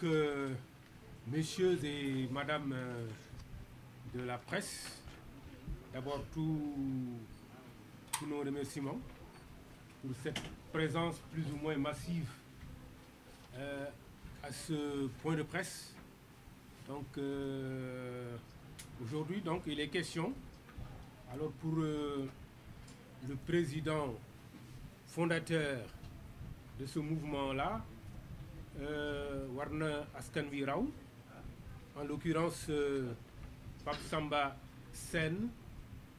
donc, euh, messieurs et madame euh, de la presse, d'abord tous nos remerciements pour cette présence plus ou moins massive euh, à ce point de presse. Donc, euh, aujourd'hui, donc, il est question, alors pour euh, le président fondateur de ce mouvement-là, Euh, war na askan wi raw en l'occurrence euh, Pape Samba Sène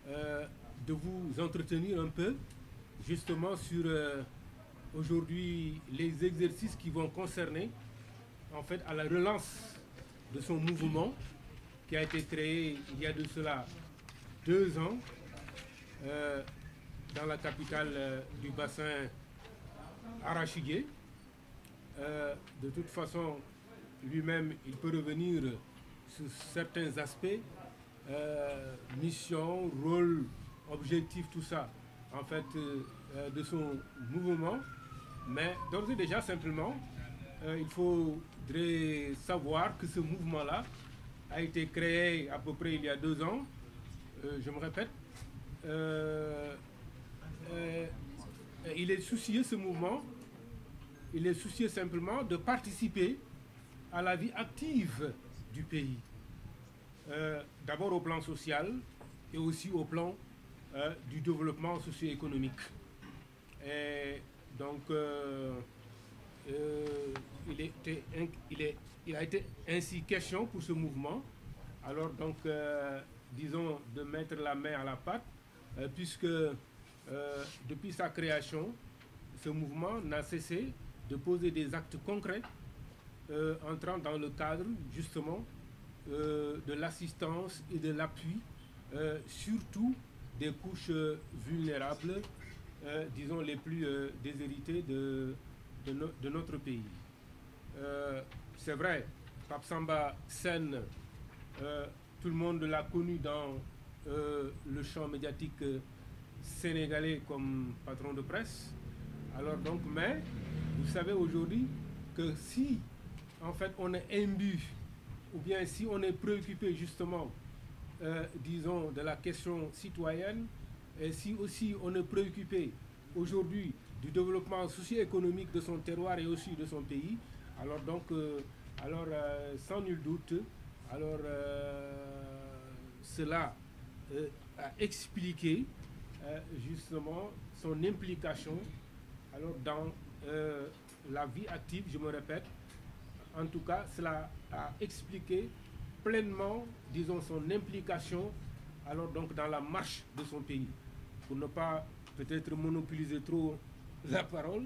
euh, de vous entretenir un peu justement sur aujourd'hui les exercices qui vont concerner en fait à la relance de son mouvement qui a été créé il y a de cela deux ans euh, dans la capitale euh, du bassin arachidier euh, de toute façon, lui-même, il peut revenir sur certains aspects, euh, mission, rôle, objectif, tout ça, en fait, euh, euh de son mouvement. Mais d'ores et déjà, simplement, euh, il faudrait savoir que ce mouvement-là a été créé à peu près il y a deux ans, euh, je me répète. il est soucieux, ce mouvement, Il est soucieux simplement de participer à la vie active du pays. Euh, D'abord au plan social et aussi au plan euh, du développement socio-économique. Et donc, euh, euh il, était, il, est, il, a été ainsi question pour ce mouvement. Alors donc, euh, disons, de mettre la main à la pâte, euh, puisque depuis sa création, ce mouvement n'a cessé de poser des actes concrets euh, entrant dans le cadre justement euh, de l'assistance et de l'appui, euh, surtout des couches euh, vulnérables, euh, disons les plus euh, déshéritées de, de, no de, notre pays. C'est vrai, Papsamba Sen, tout le monde l'a connu dans le champ médiatique sénégalais comme patron de presse. Alors donc, mais Vous savez aujourd'hui que si, en fait, on est imbu, si on est préoccupé justement, euh, disons, de la question citoyenne, et si aussi on est préoccupé aujourd'hui du développement socio-économique de son terroir et aussi de son alors donc, euh, alors, euh, sans nul doute, alors, euh, cela euh, a expliqué justement son implication alors dans euh, la vie active, je me répète, en tout cas, cela a expliqué pleinement, disons, son implication alors donc dans la marche de son pays. Pour ne pas peut-être monopoliser trop la parole,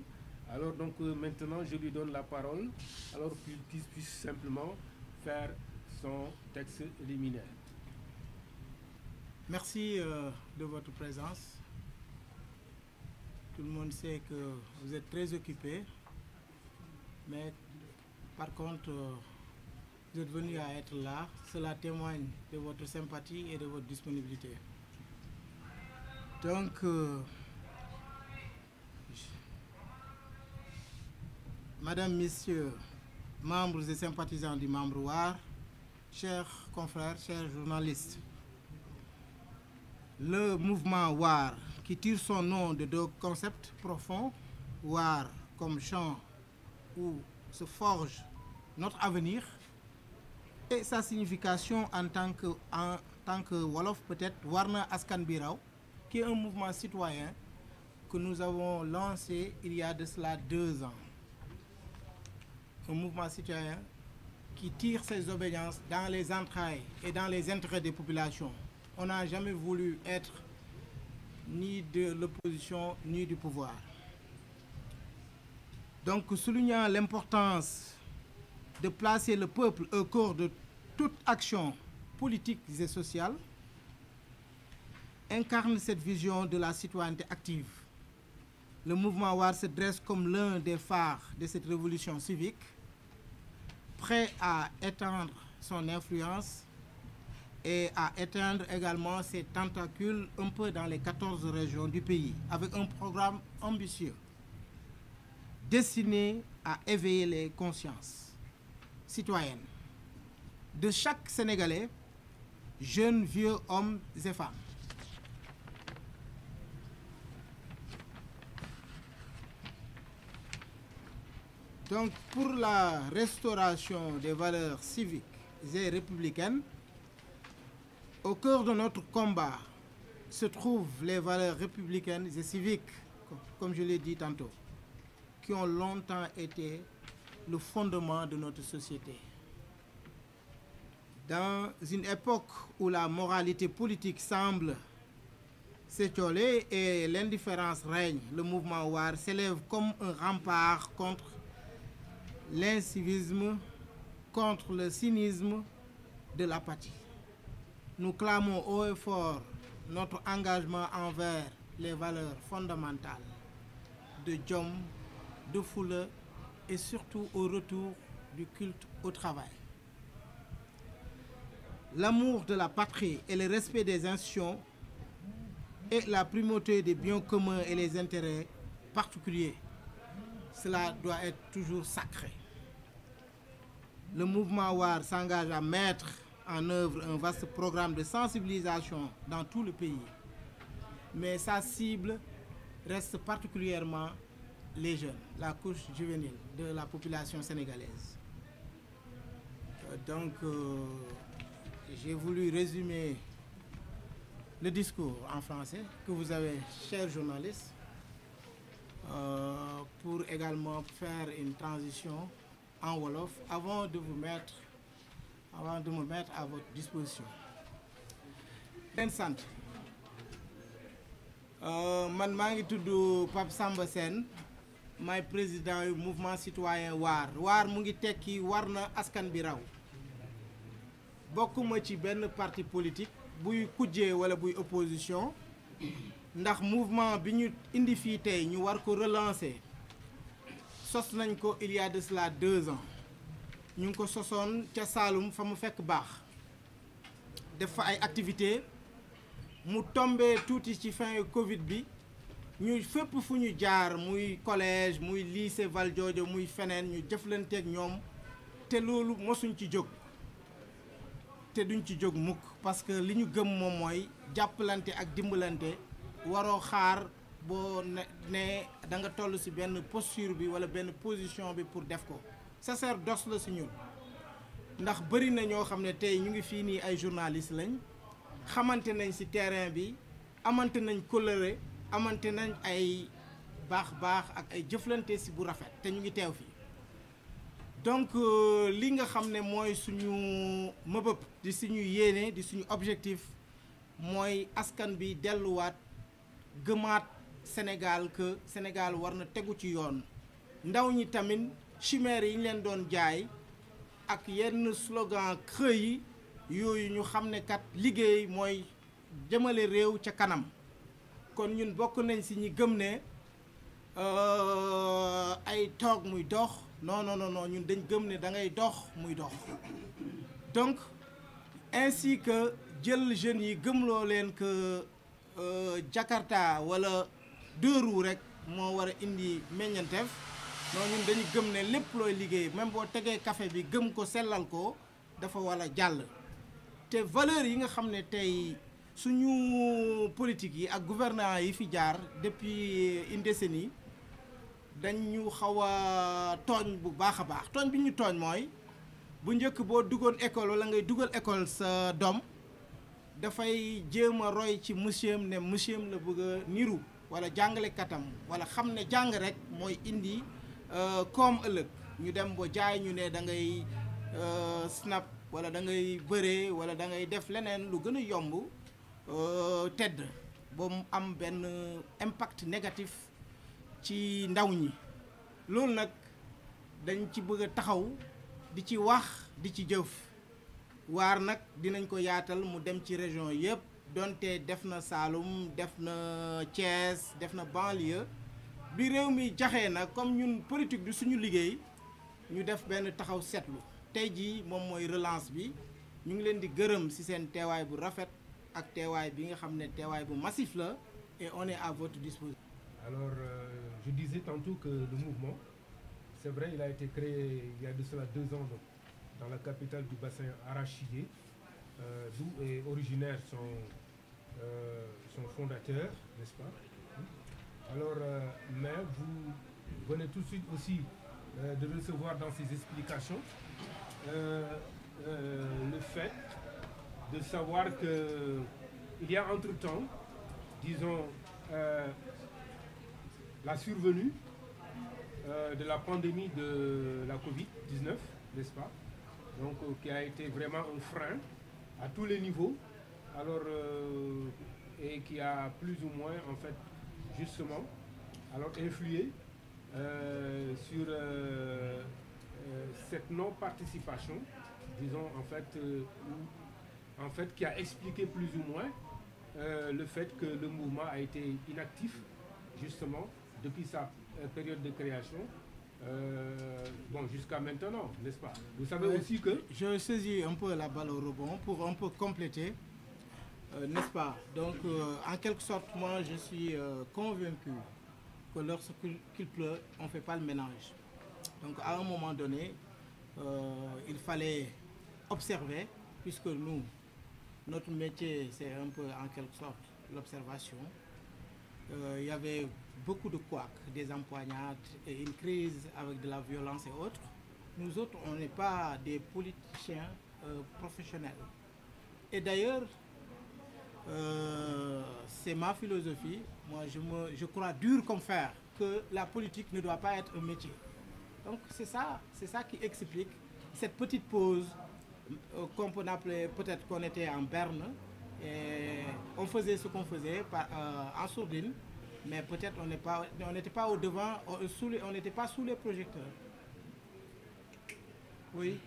alors donc euh, maintenant je lui donne la parole, alors qu'il puisse, puisse simplement faire son texte liminaire. Merci euh, de votre présence. tout le monde sait que vous êtes très occupé, mais par contre, euh, vous êtes venu à être là. Cela témoigne de votre sympathie et de votre disponibilité. Donc, euh, Madame, Messieurs, membres et sympathisants du Mambrouar, chers confrères, chers journalistes, le mouvement War qui tire son nom de deux concepts profonds, waar comme champ où se forge notre avenir, et sa signification en tant que, en tant Wolof peut-être, Warna Askan Birao, qui est un mouvement citoyen que nous avons lancé il y a de cela deux ans. Un mouvement citoyen qui tire ses obédiences dans les entrailles et dans les intérêts des populations. On n'a jamais voulu être ni de l'opposition, ni du pouvoir. Donc, soulignant l'importance de placer le peuple au cœur de toute action politique et sociale, incarne cette vision de la citoyenneté active. Le mouvement War se dresse comme l'un des phares de cette révolution civique, prêt à étendre son influence et à éteindre également ses tentacules un peu dans les 14 régions du pays, avec un programme ambitieux destiné à éveiller les consciences citoyennes de chaque Sénégalais, jeunes, vieux, hommes et femmes. Donc, pour la restauration des valeurs civiques et républicaines, Au cœur de notre combat se trouvent les valeurs républicaines et civiques, comme je l'ai dit tantôt, qui ont longtemps été le fondement de notre société. Dans une époque où la moralité politique semble s'étioler et l'indifférence règne, le mouvement War s'élève comme un rempart contre l'incivisme, contre le cynisme de l'apathie. Nous clamons haut et fort notre engagement envers les valeurs fondamentales de Diom, de Foule et surtout au retour du culte au travail. L'amour de la patrie et le respect des institutions et la primauté des biens communs et les intérêts particuliers, cela doit être toujours sacré. Le mouvement War s'engage à mettre en œuvre un vaste programme de sensibilisation dans tout le pays, mais sa cible reste particulièrement les jeunes, la couche juvénile de la population sénégalaise. Euh, donc, euh, j'ai voulu résumer le discours en français que vous avez, chers journalistes, euh, pour également faire une transition en Wolof avant de vous mettre avant de me mettre à disposition den sant euh, man maa ngi tudd Pape Samba Sène maay président yu mouvement citoyen waar waar mu ngi tekki war na askan bi raw bokkuma ci benn parti politique buy kujjee wala buy opposition ndax mouvement bi ñu indi fii tey ñu war ko relancer sos nañ ko il y a de cela deux ans ñu ngi ko sosoon ca Saalum fa mu fekk baax def ay activité mu tombe tuuti ci fin Covid bi ñu fépp fu ñu jaar muy collège muy lycée Valdiodio muy feneen ñu jëflanteeg ñoom te loolu mosuñ ci jóg te duñ ci jóg mukk parce que li ñu gëm moom mooy jàppalante ak dimbalante waroo xaar boo ne ne da nga toll ci benn posture bi wala benn position bi pour def ko sa sacerdoce la si ñun ndax bëri na ñoo xam ne tey ñu ngi fii nii ay journaliste lañ xamante nañ si terrain bi amante nañ coloré amante nañ ay baax baax ak ay jëflante si bu rafet te ñu ngi teew fii donc euh, li nga xam ne mooy suñu mëbëb di suñu yéene di suñu objectif mooy askan bi delluwaat gëmaat Sénégal que Sénégal war na tegu ci yoon ndaw ñi tamit chimères yi ñu leen doon jaay ak yenn slogan creux yi yooyu ñu xam ne kat liggéey mooy jëmale réew ca kanam kon ñun bokk nañ si ñi gëm ne euh, ay toog muy dox non ñun dañ gëm ne da ngay dox muy dox donc ainsi que jël jeunes yi gëmloo leen que euh, Jakarta wala deux roues rek moo war a indi meññanteef. non ñun dañu gëm ne lépp looy liggéey même boo tegee kafe bi gëm ko sellal ko dafa war a jàll te valeur yi nga xam ne tey suñu politique yi ak gouvernement yi fi jaar depuis une décennie dañu xaw a tooñ bu baax a baax tooñ bi ñu tooñ mooy bu njëkk boo duggoon école wala ngay dugal école sa doom dafay jéem a roy ci monsieur am ne monsieur am la bëgg niru wala jàngalekatam wala xam ne jàng rek mooy indi Euh, comme ëllëg ñu dem ba jaay ñu ne da ngay euh, snap wala da ngay bëree wala da ngay def leneen lu gën a yomb euh, tedd ba mu am benn impact négatif ci ndaw ñi loolu nag dañ ci bëgg a taxaw di ci wax di ci jëf waar nag dinañ ko yaatal mu dem ci région yëpp donte def na Saloum def na Thiès def na banlieue bi réew mi jaxee na comme ñun politique du suñu liggéey ñu def benn taxaw seetlu tey jii moom mooy relance bi ñu ngi leen di gërëm ci seen teewaay bu rafet ak teewaay bi nga xam ne teewaay bu massif la et on est à votre disposition. Alors euh, je disais tantôt que le mouvement c'est vrai il a été créé il y a de cela ans donc, dans la capitale du bassin arachidier euh, d'où est originaire son euh, son fondateur n'est-ce pas Alors, euh, mais vous aussi euh, de recevoir dans ces explications euh, euh le fait de savoir qu'il y a entre-temps, disons, euh, euh, de la pandémie de la Covid-19, n'est-ce pas Donc, qui a vraiment un frein à tous les niveaux. Alors, et qui a plus ou fait, justement alors influer euh, sur euh, euh cette non-participation, disons en fait, euh, en fait, qui a expliqué plus ou moins euh, le fait que le mouvement a été inactif justement depuis sa période de création euh, bon, jusqu'à maintenant, n'est-ce pas Vous savez euh, aussi que... Je saisis un peu la balle au rebond pour un peu compléter Euh, n'est-ce pas donc euh, en quelque sorte moi je suis euh, convaincu que lorsqu'il pleut on fait pas le ménage donc à un moment donné il fallait observer puisque nous notre métier c'est un peu en quelque sorte l'observation euh, il y avait beaucoup de couacs des empoignades et une crise avec de la violence et autres nous autres on n'est pas des politiciens euh, professionnels et d'ailleurs Euh, c'est ma philosophie. Moi, je, me, je crois dur comme fer que la politique ne doit pas être un métier. Donc, c'est ça, c'est ça qui explique cette petite pause euh, qu'on peut appeler, peut-être qu'on était en berne, et on faisait ce qu'on faisait par, euh, en sourdine, mais peut-être on n'était pas, pas au devant, euh, on n'était pas sous les projecteurs. Oui.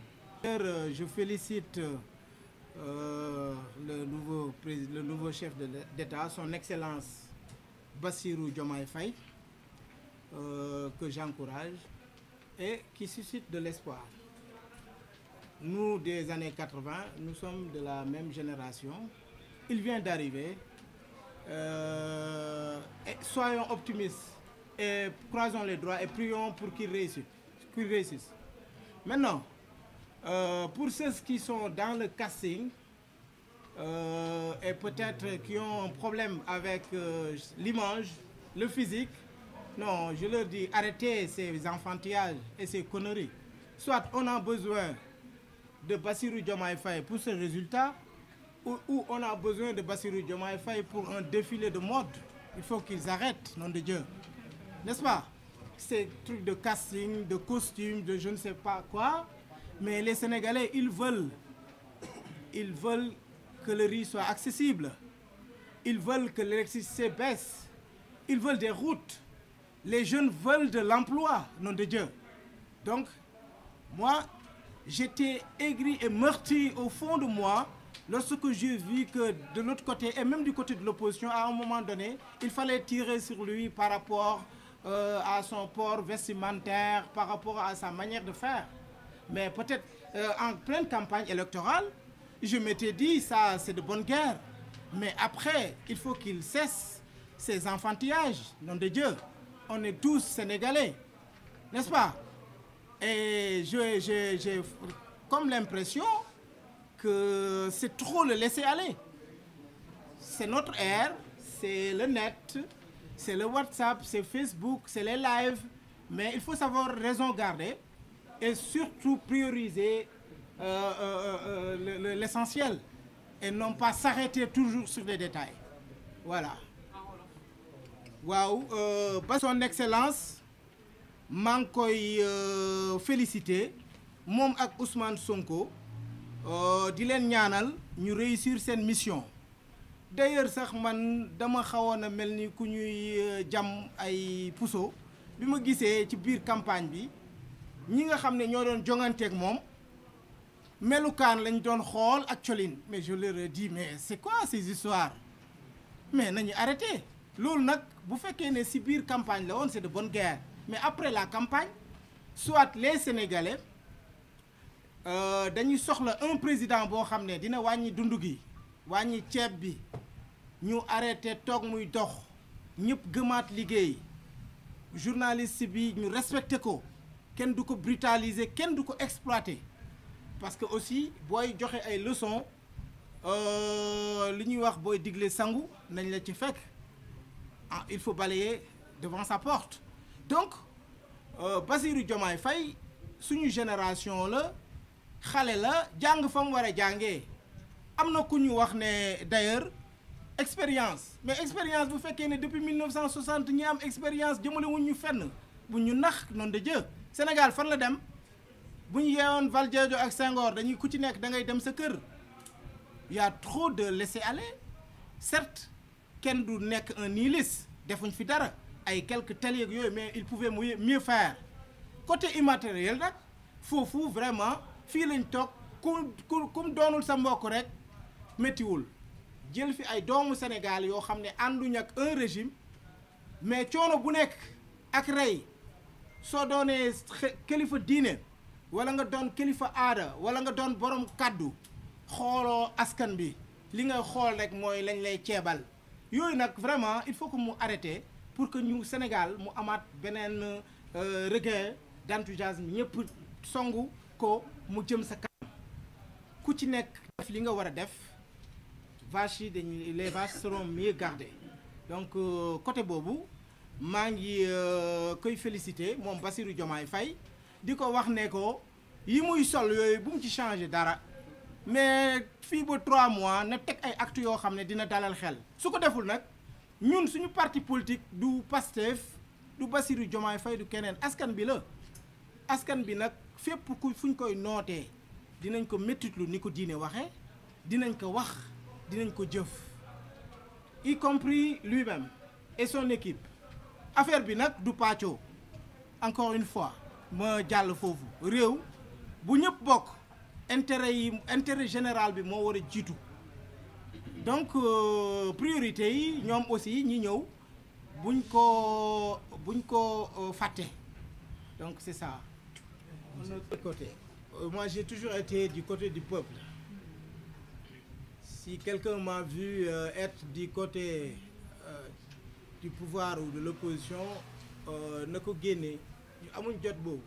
D'ailleurs, je félicite euh, euh, le nouveau président le nouveau chef d'État son excellence Bassirou Diomaye Faye euh, que j'encourage et qui suscite de l'espoir nous des années 80 nous sommes de la même génération il vient d'arriver euh, soyons optimistes et croisons les doigts et prions pour qu'il réussisse qu'il réussisse Euh, pour ceux qui sont dans le casting euh, et peut-être qui ont problème avec euh, l'image, le physique, non, je leur dis arrêtez ces enfantillages et ces conneries. Soit on a besoin de Bassirou Diomaye Faye pour ce résultat, ou, ou, on a besoin de Bassirou Diomaye Faye pour un défilé de mode. Il faut qu'ils arrêtent, de Dieu. N'est-ce pas Ces trucs de casting, de costumes, de je ne sais pas quoi, mais les Sénégalais ils veulent ils veulent que le riz soit accessible ils veulent que l'électricité baisse ils veulent des routes les jeunes veulent de l'emploi non de Dieu donc moi j'étais aigri et meurtri au fond de moi lorsque j'ai vu que de l'autre côté et même du côté de l'opposition à un moment donné il fallait tirer sur lui par rapport euh, à son port vestimentaire par rapport à sa manière de faire Mais peut-être euh, en pleine campagne électorale, je m'étais dit, ça c'est de bonne guerre. Mais après, il faut qu'il cesse ces enfantillages, nom de Dieu. On est tous sénégalais, n'est-ce pas Et j'ai comme l'impression que c'est trop le laisser aller. C'est notre ère, c'est le net, c'est le WhatsApp, c'est Facebook, c'est les lives. Mais il faut savoir raison garder et surtout prioriser euh, euh, euh, l'essentiel et non pas s'arrêter toujours sur des détails voilà waaw ba euh, son excellence maa ngi koy euh, félicité moom ak Ousmane Sonko euh, di leen ñaanal ñu réussir seen mission d'ailleurs sax man dama xawoon a mel ni ku ñuy jàmm ay puso bi ma gisee ci biir campagne bi ñi nga xam ne ñoo doon ak moom melukaan lañ doon xool ak colin mais je leur dis mais c'est quoi ces histoires mais nañu arrêté loolu nag bu fekkee ne si biir campagne la woon c'est de bonne guerre mais après la campagne soit les sénégalais euh, dañuy soxla un président boo xam ne dina wàññi dund gi wàññi ceeb bi ñu arrêté toog muy dox ñëpp gëmaat liggéey journaliste bi ñu respecté ko kenn du ko brutaliser kenn du ko exploiter parce que aussi booy joxe ay leçons euh, li ñuy wax booy digle sangu nañ la ci fekk ah il faut balayer devant sa porte donc euh, Bassirou Diomaye fay suñu génération la xale la jàng fa mu war a jàngee am na ku ñu wax ne d'ailleurs expérience mais expérience bu fekkee ne depuis 1960 ñi am expérience jëmale wuñ ñu fenn bu ñu nax noonu de jë Sénégal fan la dem bu ñu yeewoon Valdiodio ak Senghor dañu ku ci nekk dangay dem sa kër y a trop de laisser aller certes kenn du nekk un nihiliste defuñ fi dara ay quelques tel yeeg yooyu mais il pouvait mieux faire côté immatériel nag foofu vraiment fii lañ toog ku ku ku doonul sa mbokk rek méttiwul jël fi ay doomu Sénégal yoo xam ne ànduñ ak un régime mais coono bu nekk ak rey soo doonee kilifa diine wala nga doon kilifa aada wala nga doon borom kàddu xooloo askan bi li nga xool rek mooy lañ lay ceebal yooyu nag vraiment il faut que mu arrêté pour que ñu Sénégal mu amaat beneen euh, regain d'enthousiasme ñëpp songu ko mu jëm sa kanam ku ci nekk def li nga war a def vaches yi dañuy les vaches seront mieux gardées donc euh, côté boobu maa ngi euh, koy félicité moom basiru Diomaye fay di ko wax ne ko yi muy sol yooyu bu mu ci changé dara mais fii ba trois mois na teg ay actes yoo xam ne dina dalal xel su ko deful nag ñun suñu parti politique du Pastef du Bassirou Diomaye Faye du keneen askan bi la askan bi nag fépp ku fuñ koy nootee dinañ ko méttitlu ni ko diine waxee dinañ ko wax dinañ ko jëf y compris lui-même et son équipe affaire bi nag du pàccoo encore une fois ma jàll foofu réew bu ñëpp bokk intérêt yi intérêt général bi moo war a jiitu donc euh, priorité yi ñoom aussi ñi ñëw buñ ko buñ ko euh, fàtte donc c'est ça. de notre côté euh, moi toujours été du côté du peuple si quelqu'un m'a vu être du côté. du pouvoir ou de l'opposition euh, na ko génnee ñu amuñ jot boobu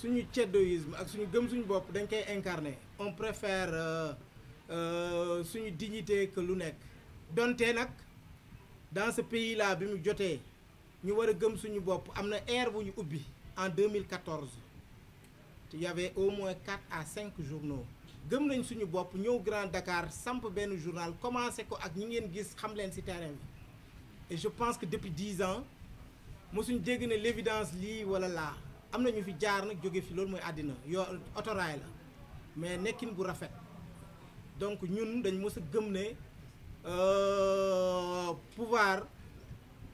suñu ceddoïsme ak suñu gëm suñu bopp dañ koy incarner on préfère euh, euh, suñu dignité que lu nekk donte nag dans ce pays là bi mu jotee ñu war a gëm suñu bopp am na ère bu ñu ubbi en 2014 te y au moins 4 à cinq journaux gëm nañ suñu bopp ñëw Grand Dakar samp benn journal commencé ko ak ñi ngeen gis xam leen ci terrain bi je pense que depuis dix ans mosuñ dégg ne l'évidence lii wala laa am na ñu fi jaar nag jóge fi loolu mooy àddina yoo otoraay la mais nekkin bu rafet donc ñun dañ mës a gëm ne euh, pouvoir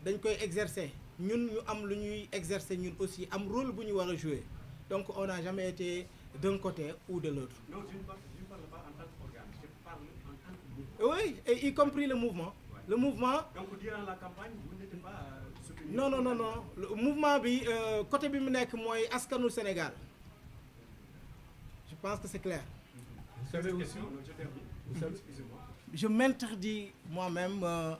dañ koy exercer ñun ñu am lu ñuy exercer ñun aussi am rôle bu ñu war a jouer donc on n'a jamais été d'un côté ou de l'autre. Non, y compris le mouvement. le mouvement. donc durant campagne vous euh, non non non non mouvement bi euh, côté bi mu nekk mooy askanu Sénégal je pense que c'est clair. vous savez aussi je m'interdis moi-même euh,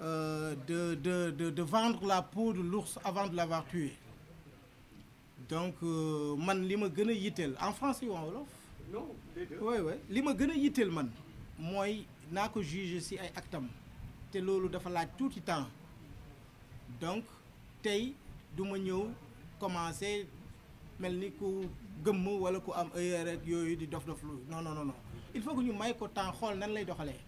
euh, de de de de vendre la peau de l'ours avant de l'avoir tué donc man li ma gën a yitteel en français ou en wolof. non les li ma gën a yitteel man mooy naa ko juger ci ay actam te loolu dafa laaj tuuti temps donc tey duma ñëw commencé mel ni ku gëmm wala ku am heure rek yooyu di dof dof lu non non non il faut que ñu may ko temps xool nan lay doxalee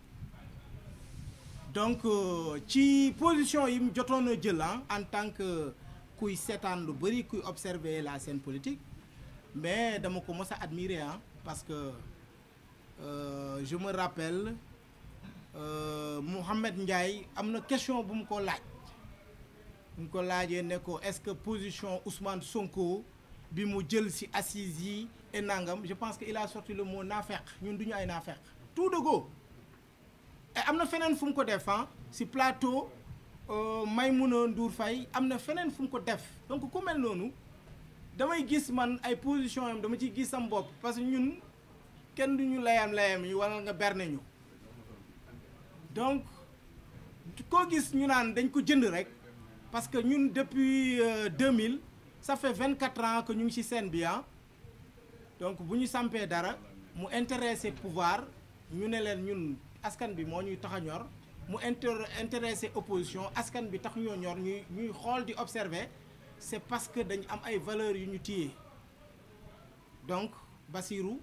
donc euh, ci position yi mu jotoon a jël en tant que kuy seetaan lu bëri kuy observer la scène politique mais dama ko mos a admirer ah parce que euh, je me rappelle Euh, Mouhamed Ndiaye am na question bu mu ko laaj bu mu ko laajee ne ko est-ce que position Ousmane Sonko bi mu jël ci assise yi et nangam je pense que il a sorti le mot naafeq ñun du ñu ay naafeq tout de go et am na feneen fu mu ko def ah ci plateau euh, Maïmouna Ndour Faye am na feneen fum ko def donc ku mel noonu damay gis man ay position am dama ci gis sam bopp parce que ñun kenn du ñu layam layam yi wala nga berne ñu donc koo gis ñu naan dañ ko jënd rek parce que ñun depuis 2000 euh, ça fait quatre ans que ñu ngi ci seen bi ah donc bu ñu sampee dara mu intéressé pouvoir ñu ne leen ñun askan bi moo ñuy tax a ñor mu inter intéressé opposition askan bi tax ñoo ñor ñuy ñuy xool di observer c'est parce que dañ am ay valeurs yu ñu téye donc bassiru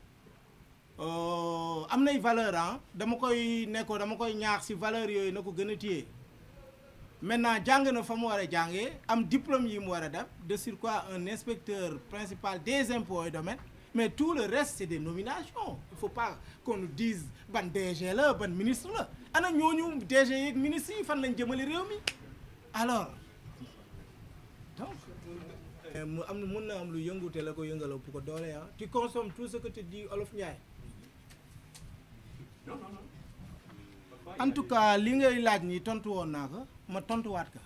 Euh, am nay valeur ah dama koy nekkoon dama koy ñaax si valeur yooyu na ko gën a téye maintenant jàng na fa mu war a jàngee am diplôme yi mu war a def de surcroît un inspecteur principal des impôts de domaines mais tout le reste c'est des nominations il faut pas qu'on nous dise ban DG la ban ministre la ana ñooñu DG yeeg ministre yi fan lañ jëmale réew mi alors donc mu am mun na am lu yëngute la ko yëngaloo bu ko doole ah tu consommes tout ce que te dit Olof Ndiaye en tout cas li ngay laaj nii tontu woon naa ko ma tontuwaat ko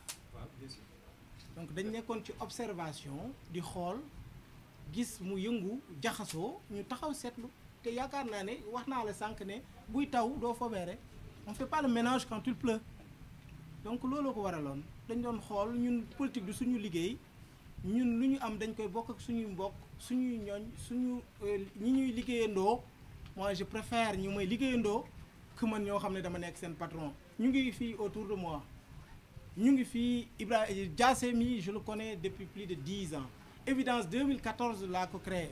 donc dañ nekkoon ci observation di xool gis mu yëngu jaxasoo ñu taxaw seetlu te yaakaar naa ne wax naa la sànq ne buy taw doo fobeere on fait pas ménage quand il donc looloo ko waraloon dañ doon xool ñun politique du suñu liggéey ñun lu ñu am dañ koy bokk ak suñuy mbokk suñuy ñooñ suñu euh, ñi ñuy liggéeyandoo mois je préfère ñu may liggéeyandoo que man ñoo xam ne dama nekk seen patron ñu ngi fii autour de mois ñu ngi fii Ibrahima Diassé mi je le connais depuis plus de dix ans Évidence 2014 laa ko créé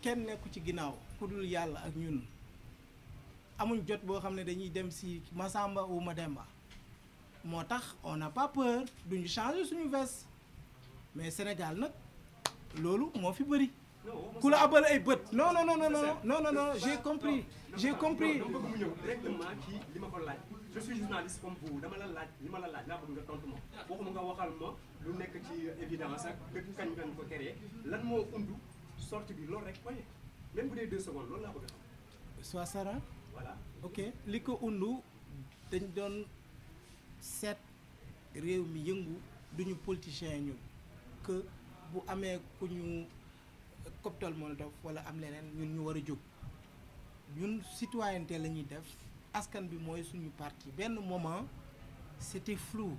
kenn nekku ci ginnaaw ku dul yàlla ak ñun amuñ jot boo xam ne dañuy dem si Masamba ou Mademba moo tax on n'a pas peur duñu changer suñu veste mais Sénégal nag loolu moo fi bëri ku la abal ay bët. non non non non non non non j'ai compris j'ai compris. non bëgg mu ñëw directement ci li ma ko laaj je suis journaliste comme vous dama la laaj li ma la laaj laa bëgg nga tontu ma waxuma nga waxal ma lu nekk ci évidence ak dëgg kañ kañ ko créé lan moo undu sortie bi loolu rek poñe même bu dee deux secondes loolu laa bëgg a xam. soit Sara. voilà ok li ko undu dañ doon seet réew mi yëngu duñu politiciens ñu que bu amee ku ñu. moo molotov wala am leneen ñun ñu war a jóg ñun citoyenneté la ñuy def askan bi mooy suñu parti benn moment c'était flou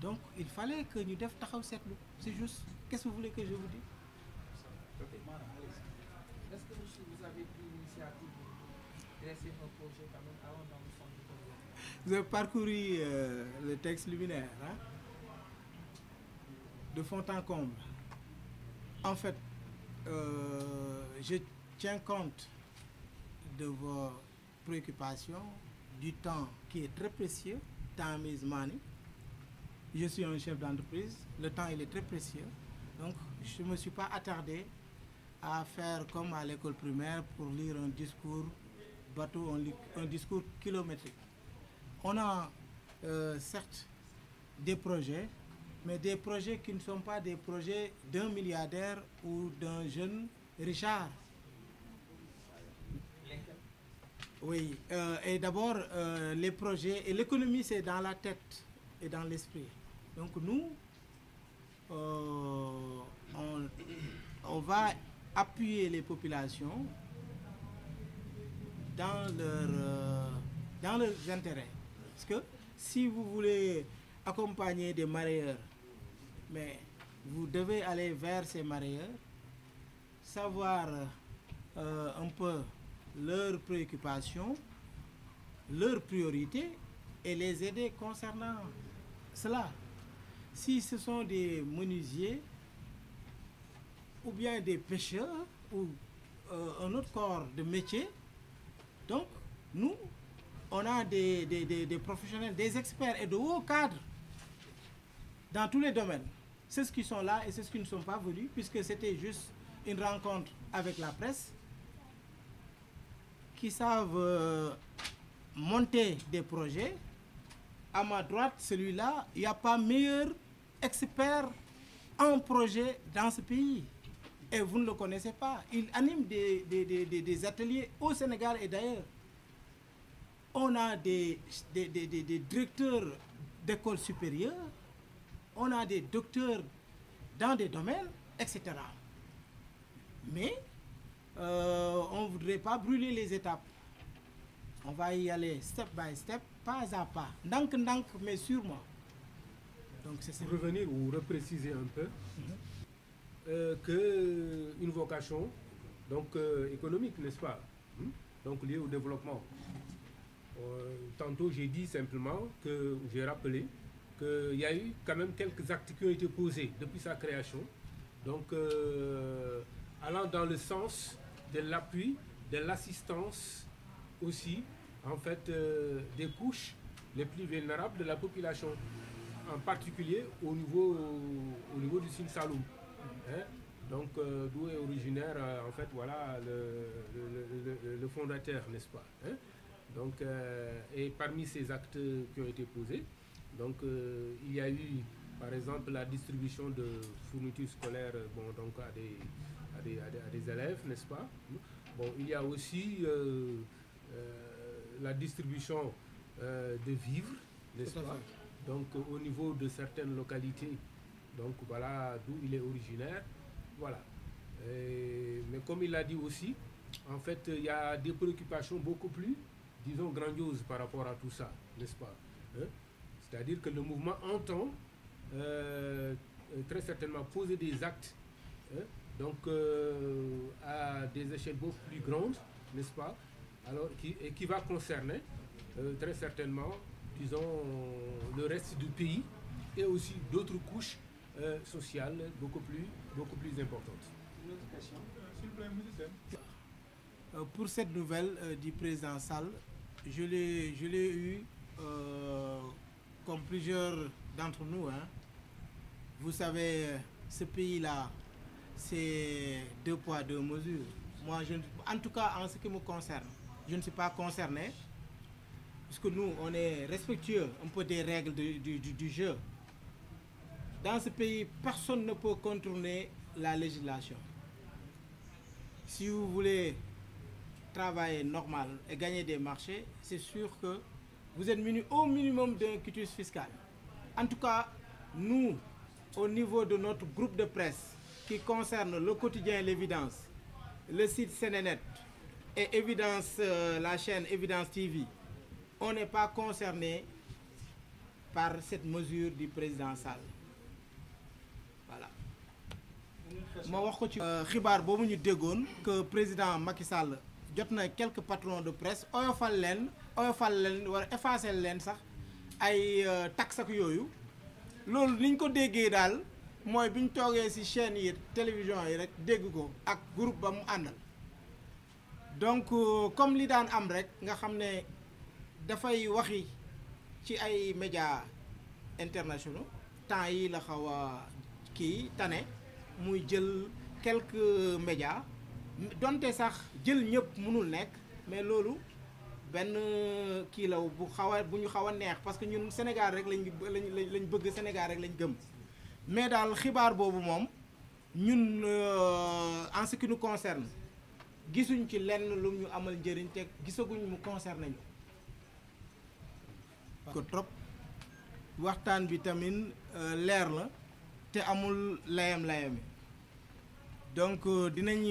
donc il fallait que ñu def taxaw seetlu c'est juste qu'est-ce que vous voulez que je vous dise. Okay. Est-ce le fond du programme? Vous avez parcouru euh, texte liminaire de fond en comble en fait. euh, je tiens compte de vos préoccupations, du temps qui est très précieux, time is money. Je suis un chef d'entreprise, le temps il est très précieux. Donc je ne suis pas attardé à faire comme à l'école primaire pour lire un discours bateau, un, un discours kilométrique. On a euh, certes des projets mais des projets qui ne sont pas des projets d'un milliardaire ou d'un jeune Richard. Oui, euh, et d'abord, euh, les projets, et l'économie, c'est dans la tête et dans l'esprit. Donc nous, euh, on, on va appuyer les populations dans, leur, euh, dans leurs intérêts. Parce que si vous voulez accompagner des marieurs mais vous devez aller vers ces mareyeurs savoir euh, un peu leurs préoccupations leurs priorités et les aider concernant cela si ce sont des menuisiers ou bien des pêcheurs ou euh, un autre corps de métier donc nous on a des des des, des professionnels des experts et de hauts cadres dans tous les domaines ceux qui sont là et ceux qui ne sont pas venus puisque c'était juste une rencontre avec la presse qui savent euh, monter des projets à ma droite celui-là il n'y a pas meilleur expert en projet dans ce pays et vous ne le connaissez pas il anime des des des ateliers au Sénégal et d'ailleurs on a des des des des directeurs décole supérieures on a des docteurs dans des domaines, etc. Mais euh, on ne voudrait pas brûler les étapes. On va y aller step by step, pas à pas, donc donc mais sûrement. Donc c'est ça. Revenir ou repréciser un peu mm -hmm. euh, que une vocation donc euh, économique, n'est-ce pas hmm? Donc liée au développement. Euh, tantôt j'ai dit simplement que j'ai rappelé qu'il y a eu quand même quelques actes qui ont été posés depuis sa création, donc euh, allant dans le sens de l'appui, de l'assistance aussi, en fait, euh, des couches les plus vulnérables de la population, en particulier au niveau, au niveau du Sin Saloum. Hein? Donc, euh, d'où est originaire, euh, en fait, voilà, le, le, le, le fondateur, n'est-ce pas hein? Donc, euh, et parmi ces actes qui ont été posés, Donc, euh, il y a eu, par exemple, la distribution de fournitures scolaires euh, bon, donc à, des, élèves, n'est-ce pas Bon, il y a aussi euh, la distribution de vivres, n'est-ce pas Donc, au niveau de certaines localités. Donc, voilà d'où il est originaire. mais comme il l'a dit aussi, en fait, il y a des préoccupations beaucoup plus, disons, grandioses par rapport à tout ça, n'est-ce pas C'est-à-dire que le mouvement entend euh, très certainement poser des actes, donc euh, à des échelles beaucoup plus grandes, n'est-ce pas Alors, qui, Et qui va concerner euh, très certainement, le reste du pays et aussi d'autres couches euh, sociales beaucoup plus, beaucoup plus importantes. Une autre question euh, S'il vous plaît, euh, pour cette nouvelle du président Sall, je l'ai eu comme plusieurs d'entre nous, hein, vous savez, ce pays-là, c'est deux poids, deux mesures. Moi, je, en tout cas, en ce qui me concerne, je ne suis pas concerné, puisque nous, on est respectueux un peu des règles du, du, du jeu. Dans ce pays, personne ne peut contourner la législation. Si vous voulez travailler normal et gagner des marchés, c'est sûr que vous êtes muni au minimum d'un quitus fiscal. En tout cas, nous, au niveau de notre groupe de presse qui concerne le quotidien L'Évidence, le site Sénénet et Évidence, euh, la chaîne Évidence TV, on n'est pas concerné par cette mesure du président salle voilà. ma wax ko ci euh, xibaar boobu ñu déggoon que président Macky Sall jot na quelques patrons de presse oyofal leen. oyofal leen war a leen sax ay euh, tax ak yooyu loolu niñ ko déggee daal mooy bi toogee ci chaîne yi télévision yi rek dégg ko ak groupe ba mu ànd donc euh, comme li daan am rek nga xam ne dafay waxi ci ay médias internationaux temps yi la xaw a kii tane muy jël quelques médias donte sax jël ñëpp mënul nekk mais loolu benn euh, kii la bu xaw a bu ñu xaw a neex parce que ñun Sénégal rek lañ lañ lañ bëgg Sénégal rek lañ gëm mais daal xibaar boobu moom ñun euh, en ce qui concerne gisuñ ci lenn lu ñu amal njëriñ te gisaguñ mu concerné ñu ko trop waxtaan bi tamit euh, leer la te amul layam-layami donc dinañ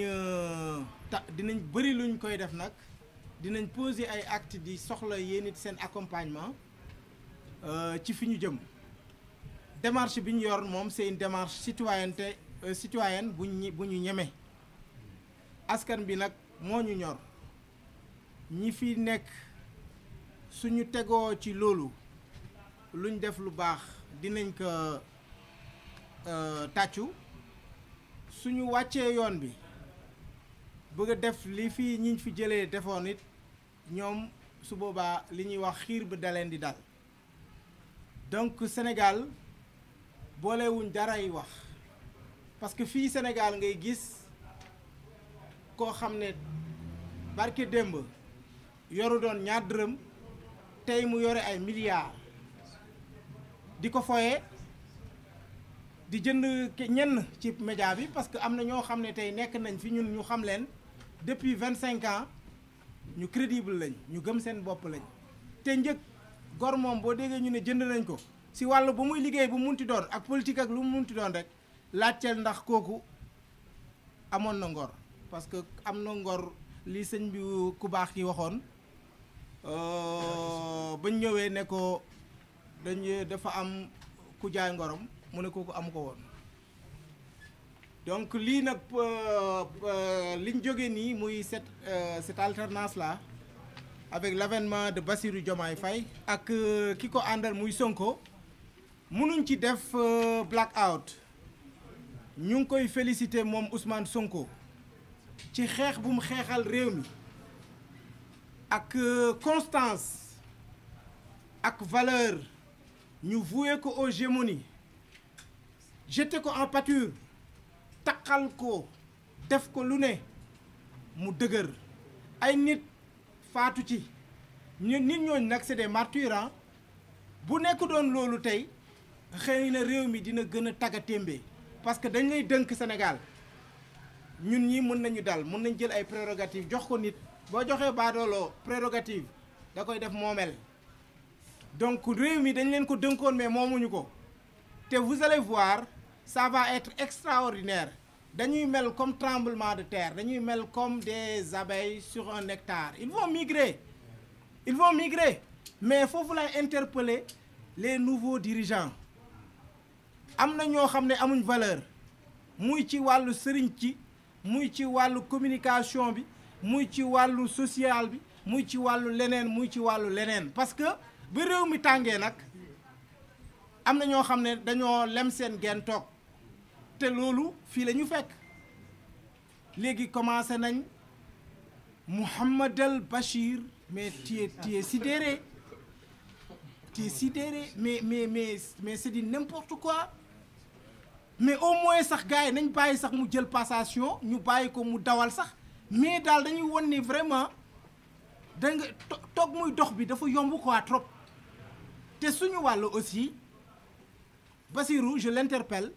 ta dinañ bëri luñ koy def nag dinañ poser ay acte di soxla yéen it seen accompagnement euh, ci fi ñu jëm démarche bi ñu yor moom seen une démarche citoyenneté euh, citoyenne bu ñu bu ñu ñeme askan bi nag moo ñu ñor ñi fi nekk suñu tegoo ci loolu luñ def lu baax dinañ ko euh, tàccu suñu wàccee yoon bi bëgg a def lii fii ñiñ fi jëlee defoon it ñoom su boobaa li ñuy wax xiir bi da leen di dal donc Sénégal boolewuñ daray wax parce que fii Sénégal ngay gis koo xam ne barke démb yoru doon ñaar dërëm tey mu yore ay milliards di ko foye di jënd ñenn ci média bi parce que am na ñoo xam ne tey nekk nañ fi ñun ñu xam leen depuis vingt cinq ans ñu crédible lañ ñu gëm seen bopp lañ te njëg gor moom boo déggee ñu ne jënd nañ ko si wàll bu muy liggéey bu munti doon ak politique ak lu mu munti doon rek laajteel ndax kooku amoon na ngor parce que am na ngor li sëñ bi ku baax ki waxoon euh, bañ ñëwee ne ko dañ dafa am ku jaay ngorom mu ne kooku amu ko woon donc lii nag euh, euh, liñ jógee nii muy cette euh, cette alternance la avec l'avènement de Bassirou Diomaye fay ak ki ko àndal muy Sonko mënuñ ci def black out ñu ngi koy féliciter moom Ousmane Sonko ci xeex bu xeexal réew mi ak constance ak valeur ñu voué ko aux gémonies jeté ko en pâture taqal ko def ko lu ne mu dëgër ay nit faatu ci ñu nit ñooñu nag c'est des martyrs ah. bu nekk doon loolu tey xëy na réew mi dina gën a tagga témbe parce que dañ lay dënk senegal ñun ñi mën nañu dal mën nañ jël ay prérogative jox ko nit boo joxee baadooloo prérogative da koy def moomeel donc réew mi dañ leen ko dënkoon mais moomuñu ko te vous allez voir ça va être extraordinaire dañuy mel comme tremblement de terre dañuy mel comme des abeilles sur un hectare ils vont migrer ils vont migrer mais foofu lay interpeller les nouveaux dirigeants am na ñoo xam ne amuñ valeur muy ci wàllu sëriñ ci muy ci wàllu communication bi muy ci wàllu sociale bi muy ci wàllu leneen muy ci wàllu leneen parce que ba réew mi tàngee nag am na ñoo xam ne dañoo lem seen geen toog te loolu fii la ñu fekk léegi commencé nañ Mouhamad al Bachir mais tu es tu es sidéré tu es sidéré mais mais mais mais c'est di n'importe quoi mais au moins sax gars yi nañ bàyyi sax mu jël passation ñu bàyyi ko mu dawal sax mais daal dañuy won ni vraiment da nga toog muy dox bi dafa yomb quoi trop te suñu wàll aussi Basirou je l'interpelle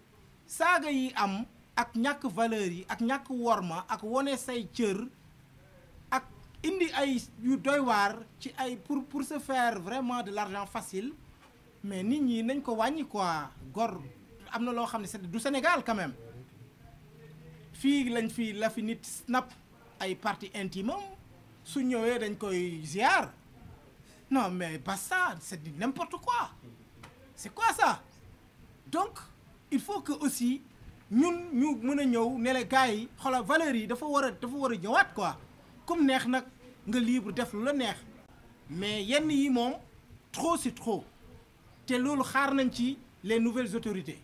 saaga yi am ak ñàkk valeur yi ak ñàkk worma ak wone say cër ak indi ay yu doy ci ay pour pour se faire vraiment de l'argent facile mais nit ñi nañ ko wàññi quoi gor am na loo xam ne c'est du Sénégal quand fii lañ fi la fi nit snap ay partie intime am su ñëwee dañ koy ziar non mais basta c'est n'importe quoi c'est quoi ça donc il faut que aussi ñun ñu mën a ñëw ne la gars yi xoolal valeurs yi dafa war a dafa war a ñëwaat quoi comme neex nag nga libre def lu la neex mais yenn yi moom trop c'est trop te loolu xaar nañ ci les nouvelles autorités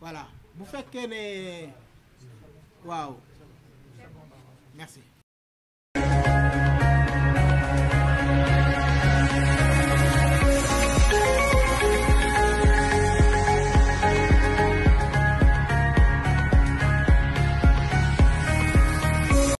voilà bu fekkee ne waaw merci